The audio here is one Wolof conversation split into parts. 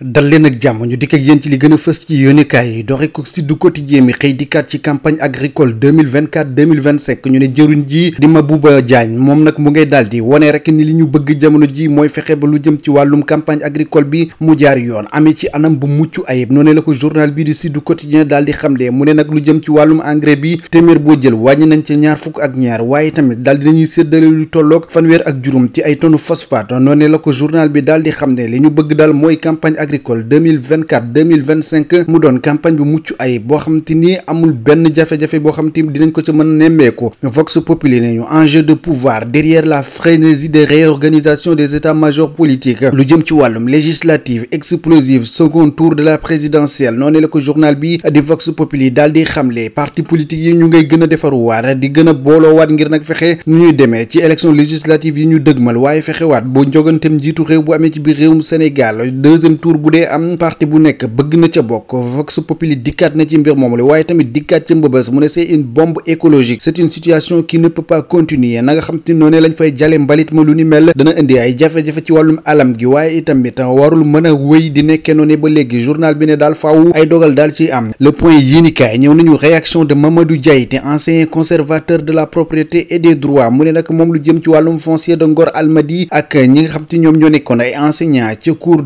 dal leen ak jàmm ñu dikk ak yéen bi mu jaar yoon amee ci anam bu mucc nañuy séddale lu tolloog fanweer ak juróom ci ay tonne phosphate noonu ko journal bi daal xam ne li ñu bëgg daal mooy campagne agricole deux mille vingt quatre deux mille vingt cinq mu doon campagne bu mucc ayib boo xamante ni amul benn jafe-jafe boo xamante ni dinañ ko ci mën nemmeeku Vox Populi nañu enjeu de pouvoir derrière la frénésie de réorganisation des états-majors politiques lu jëm ci wàllum législative explosive second tour de la présidentielle noonu la ko journal bi di Vox Populi daal di xamle parti politique yi ñu ngay gën a defaruwaat di gën a booloowaat ngir nag fexe nu ñuy demee ci élection législative yi ñu dëgmal waaye fexewaat bu njoganteem njiitu réew bu amee ci biir réewum bu dee am parti bu nekk bëgg na ca bokk Vox Populi dikkaat na ci mbir moom la waaye tamit dikkaat ca mbëbës mu ne c'est une bombe écologique c'est une situation qui ne peut continuer na xam te noonee lañ fay jale mbalit ma lu ni mel dana indi ay jafe-jafe ci wàllum alam gi waaye itamit warul mën a wéy di nekkee noonu ba léegi journal bi ne daal faaw ay dogal daal ci am le point yéenikaay ñëw nañu réaction de Mamadou Diaye te ancien conservateur la propriété et mu ne nag moom ci wàllum foncier de Ngor Almadi ak ñi nga xam te ñoom ñoo nekkoon ay enseignants ci cour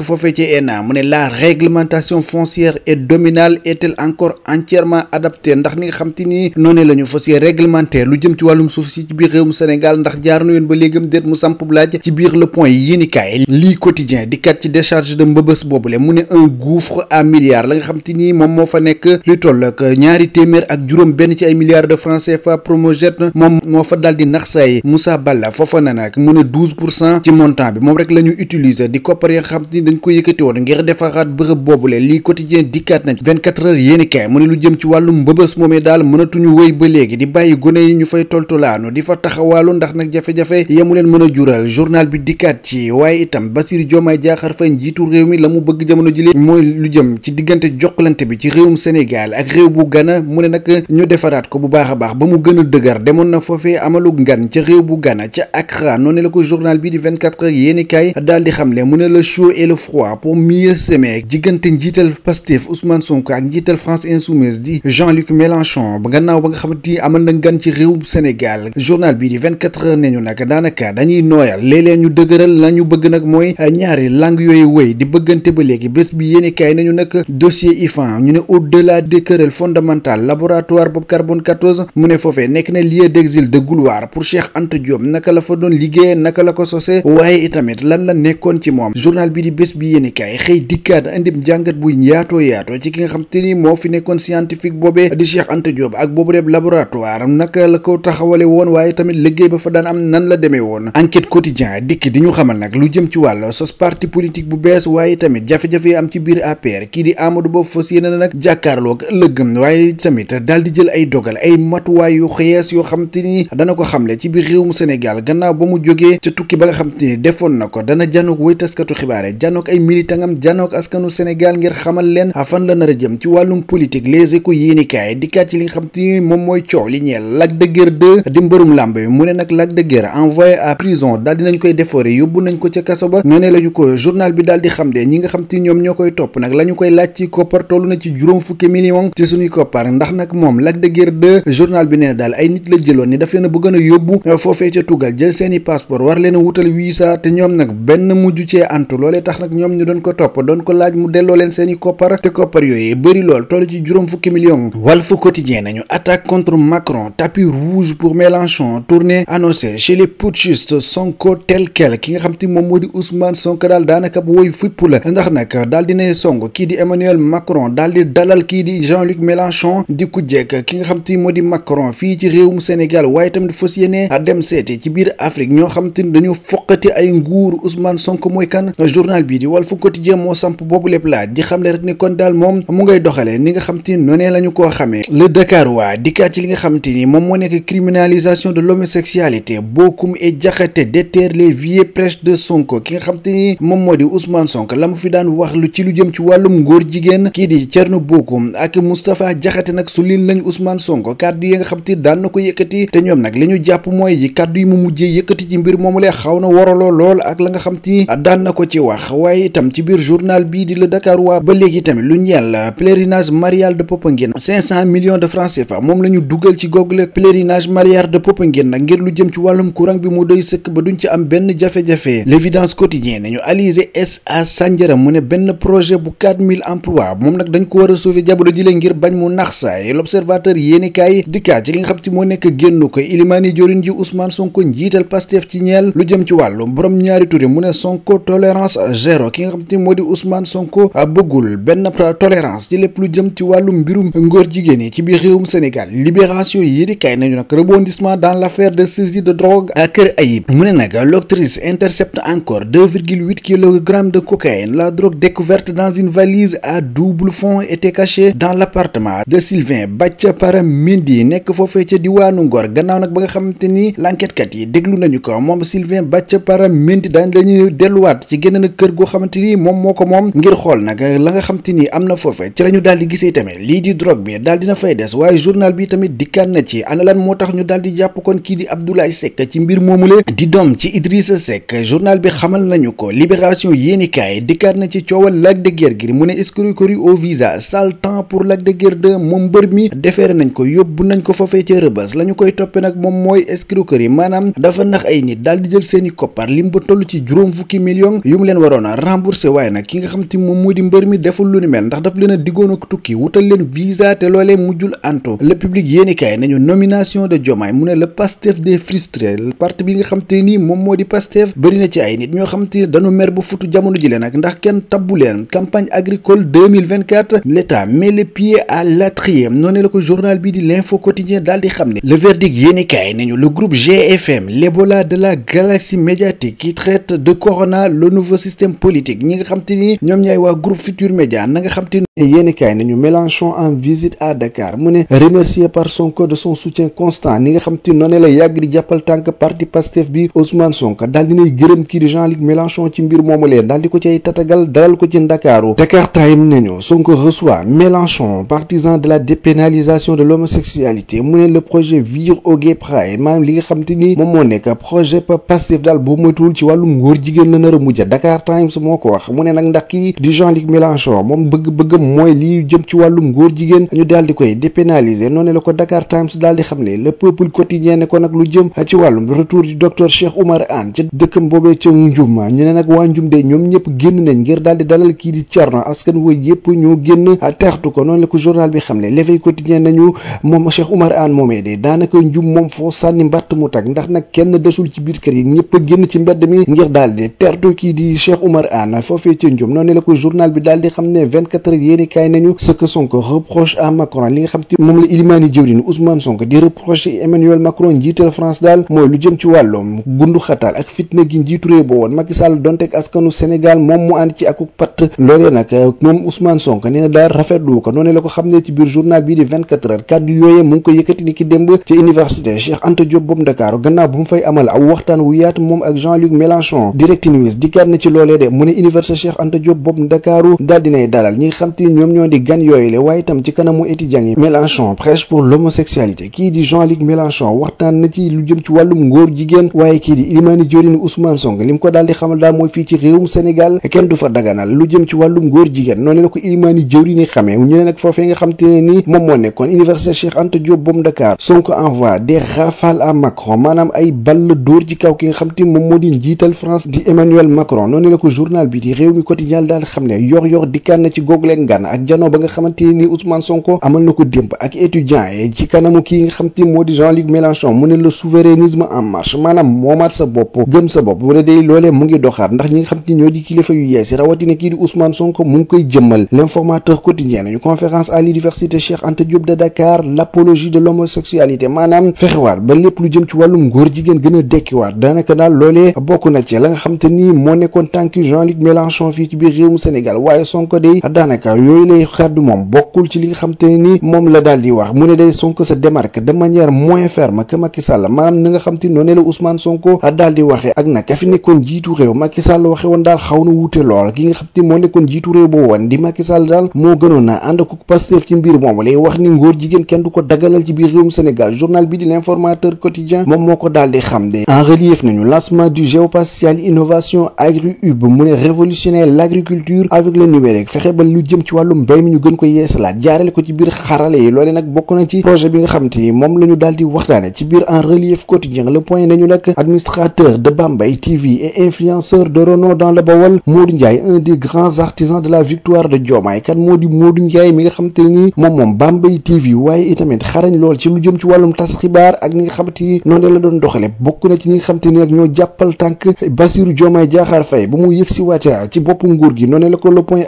nekk foofee ci ENA mu ne la réglementation foncière et domaniale est encore entièrement adaptée ndax ni nga xam te ni noonu la ñu fas yéene réglementer lu jëm ci wàllum suuf si ci biir réewum Sénégal ndax jaar na yoon ba léegam déet mu samp laaj ci biir le point yéen i kaay lii quotidien di kat ci décharge de mbëbës boobule mu ne un gouffre à milliards la nga xam te ni moom moo fa nekk li toll ak ñaari téeméer ak juróom benn ci ay milliards de francs CFA Promojet moom moo fa dal nax say Moussa Balla foofa na nag mu ne douze pour cent ci montant bi moom rek la ñu utiliser di koppar dañ ko yëkkati woon ngir defaraat bërëb boobule lii quotidien dikkaat nañ 24 heures yéeni kaay mu ne lu jëm ci wàllu mbëbës moomee daal mënatuñu wéy ba léegi di bàyyi gone yi ñu fay toltulaanu di fa taxawaalu ndax nag jafe-jafe yamu leen mën a jural journal bi dikkaat ci waaye itam Bassirou Diomaye Diakhar Faye njiitu réew mi la mu bëgg jamono jile mooy lu jëm ci diggante jokkalante bi ci réewum Sénégal ak réew bu Gana mu ne nag ñu defaraat ko bu baax a baax ba mu gën a dëgër na foofee amalu ngan ca réew bu Gana ca Accra la ko bi di 24 heures froid pour mieux semer diggante njiital Pastef Ousmane Sonko ak njiital France Insoumise di Jean-Luc Mélenchon ba gannaaw ba nga xamante ni amal na gan ci réew Sénégal journal bii di 24 heures nañu nag daanaka dañuy nooyal léeg-léeg ñu dëgëral la ñu bëgg nag mooy eh, ñaari langue yooyu wëy di bëggante ba léegi bés bi yéene kaay nañu nag dossier IFAN ñu ne au delà des querelles fondamentales laboratoire boobu carbone 14 mu ne foofee nekk na lieu d'exil de gloire pour Cheikh Anta Diop naka la fa doon liggéeyee naka la ko sosee waaye itamit lan la nekkoon ci moom journal bi yéen i kaay xëy dikkaat indi jàngat bu yaato yaato ci ki nga xam te ni moo fi nekkoon scientifique boobee di Cheikh Anta Diop ak boobu reeb laboratoire naka la ko taxawale woon waaye tamit liggéey ba fa daan nan la demee woon enquête quotidien dikk di ñu xamal nag lu jëm ci wàll sos parti politique bu bees waaye tamit jafe-jafe yi am ci biir APR kii di Amadou Ba fas yéene nag jàkkaarloo ak ëllëgëm waaye tamit dal di jël ay dogal ay matuwaay yu xees yoo xam te ni dana ko xamle ci biir réewum Sénégal gannaaw ba mu jógee ca tukki ba nga xam te ni defoon na ko dana janook way taskatu xibaare jano janook ay militant am janook askanu Sénégal ngir xamal leen fan la nar a jëm ci wàllum politique les échos yéenikaay dikkaat ci li nga xam te moom mooy coow li ñeel Lac de di mbërum làmb bi mu ne nag Lac de Guiers prison daal dinañ ko ca bi daal xam de ñi nga xam te ñoom ñoo koy topp nag la ñu koy laaj ci koppar toll na ci juróom fukki million ci suñuy koppar ndax nag moom Lac de Guiers bi nee na daal ay nit la jëloon ni daf leen a ñoom ñu doon ko topp doon ko laaj mu delloo leen seeni koppar te koppar yooyu bëri lool toll ci juróom fukki million Walf Quotidien nañu attaque contre Macron tapis rouge pour Mélenchon tournée annoncée chez les putschistes Sonko tel quel ki nga xam te moom moo di Ousmane Sonko daal daanaka woy fupp la ndax nag daal dinay song kii di Emmanuel Macron dal di dalal kii di Jean-Luc Mélenchon di ku jekk ki nga xam te moo di Macron fii ci mu Sénégal waaye tamit fas yéene dem seeti ci biir Afrique ñoo xam te dañu foqati ay nguur Ousmane Sonko mooy kan journal bi ji di Walf Quotidien moo samp boobu lépp laaj di xamle rek ni kon daal moom mu ngay doxalee ni nga xam te ni noonee la ñu koo xamee le Dakar waa dikkaat ci li nga xam te ni moom moo nekk criminalisation de l'homosexualité Bokum et Diakhaté déterre les vieux prêches de Sonko ki nga xam te ni moom moo di Ousmane sonk la mu fi daan wax lu ci lu jëm ci wàllum ngóor jigéen kii di Thierno Bokum ak Moustapha Diakhaté nag su lin lañ Ousmane Sonko kàddu yi nga xam te daan na ko yëkkati te ñoom nag li ñu jàpp mooy yi kàddu yi mu mujjee yëkkati ci mbir moomu lee xaw na waraloo lool ak la nga xam te ni daan na ko ci wax waaye itam ci biir journal bii di la Dakar waa ba léegi tamit lu ñeel pèlerinage marial de Popenguine cinq cent millions de francs CFA moom la dugal ci google pèlerinage marial de Popenguine nag ngir lu jëm ci wàllum courant bi mu doy sëkk ba duñ ci am benn jafe-jafe l'évidence quotidienne ñu Alizé SA Sandiara mu ne benn projet bu quatre mille emplois moom nag dañ ko war a sauver jabodo ji leen ngir bañ mu nax saay l'observateur yéeni kaay dikkaat ci li nga xam ci moo nekk génn ko ilimaani jorin ji Ousmane Sonko njiital Pastef ci ñeel lu wàllu borom ñaari zéro ki nga xam te moo di Ousmane ci lépp lu jëm l' de saisie de drogue à Kër Ayib mu ne nag l'autrice intercepte encore deux virgule huit kilogrammes de cocaïne la drogue découverte dans une valise à double fond était cachée dans l' de Sylvain Bathia Para nekk foofee ca diwaanu Ngor gannaaw nag ba nga xamante ni l' yi déglu nañu ko moom Sylvain Bathia Para Mendy daañ delluwaat ci génn na kër goo xamante ni moom moo ko moom ngir xool nag la nga xamante ni am na foofe ci la ñu daal di gisee tamit lii di drogue bi daal dina fay des waaye journal bi tamit dikkaat na ci ana lan moo tax ñu daal di jàpp kon kii di Abdoulaye Seck ci mbir moomule di doom ci Idrissa Seck journal bi xamal nañu ko libération yéenikaay dikkaat na ci coowal Lac de Guiers gi mu ne escroquerie au visa sale temps pour Lac de Guiers mbër mi defeere nañ ko yóbbu nañ ko foofee ca rëbës la ñu koy toppe nag moom mooy escroquerie maanaam dafa nax ay nit daal di jël seeni koppar lim ba toll ci juróom fukki million yu leen waroon a remboursé waaye nag ki nga xam te moom moo di mbër mi deful lu ni mel ndax daf leen diggoon ak tukki wutal leen visa te loolee mujjul anto le public de Diomaye mu bi nga xam te nii moom moo di pastef bëri ci ay nit ñoo xam te dañu mer bu futu jamono ji leen nag ndax kenn tabbu campagne agricole 2024 l'état met les pieds à l'étrier la ko journal bi di l'info quotidien daal di xam ne le verdict yéenikaay nañu le groupe GFM l'ébola de la galaxie politique ñi nga xam te ni ñoom ñooy waa groupe :fra Futurs nga xam te et yéenikaay nañu Mélenchon en visite à Dakar mu ne remercié par son de son soutien constant ni nga xam te noonu la yàgg di jàppal tànk parti Pastef bi Ousmane Sonko di nay gërëm kii di Jean-Luc Mélenchon ci mbir moom leen daal di ko cay tatagal dalal ko ci Ndakaaru Dakar Time nañu Sonko reçoit Mélenchon partisan de la dépénalisation de l'homosexualité mu ne le projet Vire au Gay Pride maanaam li nga xam te ni moom moo nekk projet Pastef daal boo moytuwul ci wàllum ngóor jigéen la nar a mujj Dakar ko wax mu ne nag ndax kii di Jean-Luc moom bëgg-bëggam mooy lii jëm ci wàllum góor jigéen ñu daal di koy dépénaliser noonu la ko Dakar Times daal di xamle le peuple quotidien ne ko nag lu jëm ci wàllum retour du docteur Cheikh Oumar Anne ca dëkk boobee ca Ndioum ñu ne nag waa Ndioum de ñoom ñëpp génn nañ ngir daal di dalal kii di Thierno askan wi yëpp ñoo génn teextu ko noonu la ko journal bi xamle l'éveil quotidien nañu moom Cheikh Oumar Anne moomee de daanaka Ndioum moom foo sànni mbatt mu tag ndax nag kenn desul ci biir kër yi ñëpp génn ci mbedd mi ngir daal di teertu kii di Cheikh Oumar Anne foofee ca Ndioum noonu ko journal bi daal di xam ne vingt-quatre heures yéeni kaay nañu ce que Sonko reproche à Macron li nga xam te moom la ilimaani jëwriñ Ousmane Sonko di reproché Emmanuel Macron njiital France daal mooy lu jëm ci wàllum gundu ak fitna gi njiitu réew ba donte ak askanu Sénégal moom mu ànd ci akuk patt loolee moom Ousmane Sonko nee na daal rafetlu ko noonu ko xam ne ci biir journal bii di vingt quatre mu ne université Cheikh Anta Diop boobu Ndakaaru daal dinay dalal ñi xam xamante ni ñoom ñoo di gan yooyu la waaye itam ci kanamu étudiants yi Mélenchon prêche pour l'homosexualité kii di Jean-Luc Mélenchon waxtaan na ci lu jëm ci wàllum ngóor jigéen waaye kii di Ilimani Diorine Ousmane Sonko li ñu ne nag foofee nga xam te ne nii moom moo université Cheikh Anta Diop bom Dakar Sonko envoie des rafales à Macron maanaam ay ball dóor ci kaw ki nga xam te moom moo di njiital France di Emmanuel Macron noonu la ko journal bi di réew mi quotidien gan ak janoo ba nga xamante ni Ousmane Sonko amal na ko démb ak étudiant yi ci kanamu kii nga xam te moo di Jean-Luc Mélenchon mu ne le souverainisme en marche maanaam moomaat sa bopp gëm sa bopp bu ne day loolee mu ngi doxaat ndax ñi nga xam te ñoo di kilifa yu yees yi rawatina kii di Ousmane Sonko mu ngi koy jëmmal l'informateur quotidien ñu conférence à l'université Cheikh Anta Diop de Dakar l'apologie de l'homosexualité maanaam fexewaat ba lépp lu jëm ci wàllum ngóor jigéen gën a dekkiwaat daanaka daal loolee bokk na ci la xam te ni moo nekkoon tànk Jean-Luc Mélenchon fii ci biir réewum Sénégal yooyu lay xaddu moom bokkul ci li nga xam te ni moom la daal di wax mu ne day Sonko se démarque de manière moins ferme que Macky Sall maanaam na nga xam te noonu la Ousmane Sonko daal di waxee ak nag ka nekkoon jiitu réew Macky Sall waxe woon daal xaw na wuute lool ki nga xam te moo nekkoon jiitu réew boo wax ni ngóor jigéen kenn du ko dagalal ci biir réewum Sénégal journal bi di l'informateur quotidien moom moo ko daal di xam ne en relief ci wàllum mbéy mi ñu gën ko yeesalaat jaarale ko ci biir xarale yi loole nag bokk na ci projet bi nga xam moom la ñu daal di waxtaane ci biir en relief quotidien le point nañu nag administrateur de Bambay TV et influenceur de renom dans le Bawol Modou Ndiaye un des grands artisans de la victoire de Diomaye kan moo di Modou Ndiaye mi nga xam te ni moom moom Bambay TV waaye itamit xarañ lool ci lu jëm ci wàllum tas xibaar ak ni nga xamante ni noonu la doon doxale bokk na ci ñi nga xamante ni nag ñoo jàppal tànk Bassirou Diomaye ba mu yëg si waate ci bopp nguur gi noonu la ko le point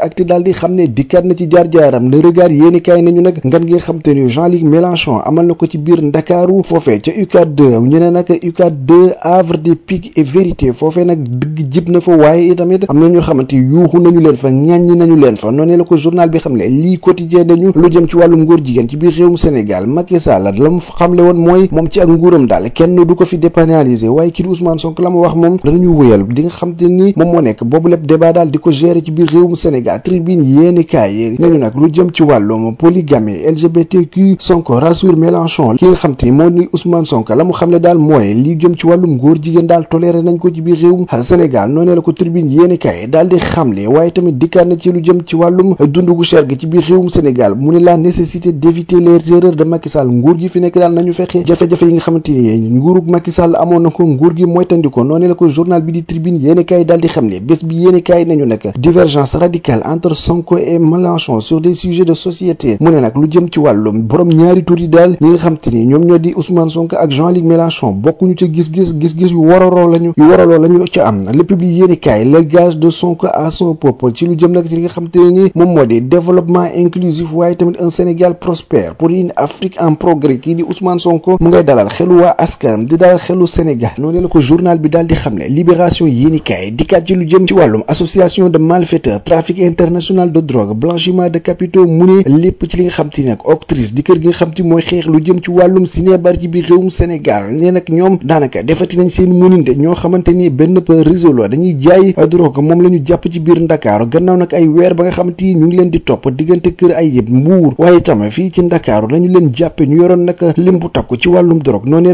ne na ci jaar-jaaram le regard yéeni kaay nañu nag ngan gi nga xam te ni Jean-Luc Mélenchon amal na ko ci biir Ndakaaru foofe ca UCAD 2 ñu ne nag UCAD de havre des pics et vérité foofee nag dëgg jib na fa waaye itamit am na ñoo xamante yuuxu nañu leen fa ñàññi nañu leen fa noonee la ko journal bi xam ne lii quotidien dañu lu jëm ci wàllum ngóor jigéen ci biir réewum Sénégal Macky Sall la mu xamle woon mooy moom ci ak nguuram daal kenn du ko fi dépénaliser waaye kii di Ousmane Sonko la mu wax moom danañu wëyal di nga xam te ni moom moo nekk boobu lépp débat daal di ko gérer ci biir réewum Sénégal tribune yéeni yi nee ñu nag lu jëm ci wàllum polygamie LGBTQ Sonko rassure Mélenchon ki nga xam te moo ni la mu ne daal mooy li jëm ci wàllum góor jigéen daal toléré nañ ko ci biir réewum Sénégal noonee la ko tribune yéeni kaay daal di xamle waaye tamit dikkaat na ci lu jëm ci wàllum dundu gu cher gi ci biir réewum Sénégal mu ne la nécessité d'éviter les erreurs de Macky Sall nguur gi fi nekk daal nañu fexe jafe-jafe yi nga xamante ni nguurug Macky amoon na ko nguur gi moytandiko noonee la ko journal bi di tribune yéeni kaay daal di xam ne bés bi yéeni kaay nañu nag divergence radicale entre Sonko et Mélenchon sur des sujets de société mu ne nag lu jëm ci wàllum borom ñaari tur yi daal ñi nga xam te ni ñoom ñoo di Ousmane Sonko ak Jean-Luc Mélenchon bokkuñu ci gis-gis gis-gis yu wararoo lañu yu waraloo lañu ci am le public yéeni kaay le gage de Sonko à son peuple ci lu jëm nag ci li nga xam te ni moom moo di développement inclusif waaye tamit un Sénégal prospère pour une Afrique en progrès kii di Ousmane Sonko mu ngay dalal xelu waa askanam di dalal xelu Sénégal noonu la ko journal bi daal di xam ne libération yéeni kaay dikkaat ci jëm ci wàllum association de malfaiteurs trafic international de drogue blanchiment de capitaux mu ne lépp ci li nga xam te nag octrice di kër gi nga xam te mooy xeex lu jëm ci wàllum sinébar ji bi réewum Sénégal ne nag ñoom daanaka defati nañ seen mëninte ñoo xamante ni benn pa réseau dañuy jaay drogue moom la ñu jàpp ci biir Ndakaaru gannaaw nag ay weer ba nga xam te ñu ngi leen di topp diggante kër ay yëpp mbuur waaye itam fii ci Ndakaaru leen jàppe ñu yoroon nag lim bu takku ci wàllum drogue noonee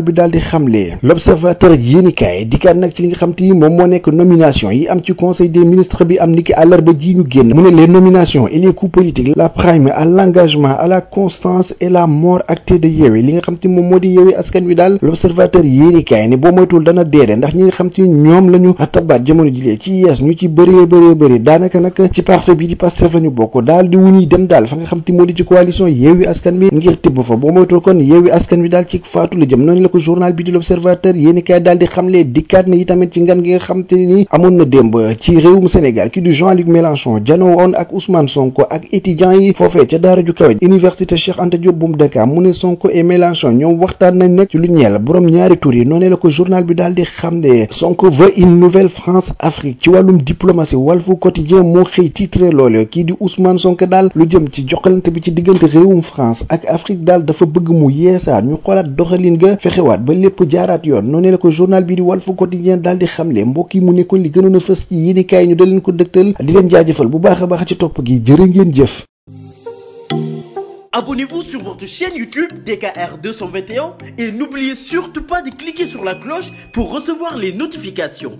bi daal di xamle l'observateur yéenikaay dikkaat nag ci li nga xam te moom moo nekk nomination yi am ci conseil des ministres bi am niki àllarba ji ñu génn mu ne leen nomination et la prime à l'engagement à la constance et la mort actée de Yewwi li nga xam te moom moo di Yewwi askan wi daal l'observateur yéenikaay ne boo moytuwul dana deede ndax ñi xam te ñoom la ñu tabaat jamono jilee ci yees ñu ci bëri daanaka nag ci parti bi di Pastef la ñu bokk daal di wuñuy dem daal fa nga xam te moo di ci coalition Yewwi askan wi ngir tibb fa boo moytuwul kon Yewwi askan wi daal ci faatu la jëm noonu la ko journal bi di l'observateur yéenikaay daal di xamle dikkaat na itamit ci ngan gi nga xam te ni amoon na démb ci réewum Sénégal ki du Jean-Luc Mélenchon janoo woon ak Ousmane Sonko ak étudiants yi foofee ca daara ju kawe université Cheikh Anta Diop bu Dakar mu ne Sonko et Mélenchon ñoom waxtaan nañ nag ci lu ñeel borom ñaari tur yi la ko journal bi daal di Sonko veut nouvelle France Afrique ci wàllum diplomatie Walfu Quotidien moo xëy titre loole kii di Ousmane Sonko daal lu jëm ci jokkalante bi ci diggante réewum France ak Afrique daal dafa bëgg mu yeesaat ñu xoolaat doxalin ga fexewaat ba lépp jaaraat yoon noonee la ko a fës ci yéenekaay ñu da leen ko dëgtal ci topp gi jërë ngeen jëf. Abonnez-vous sur votre chaîne YouTube DKR 221 et n'oubliez surtout pas de cliquer sur la cloche pour recevoir les notifications.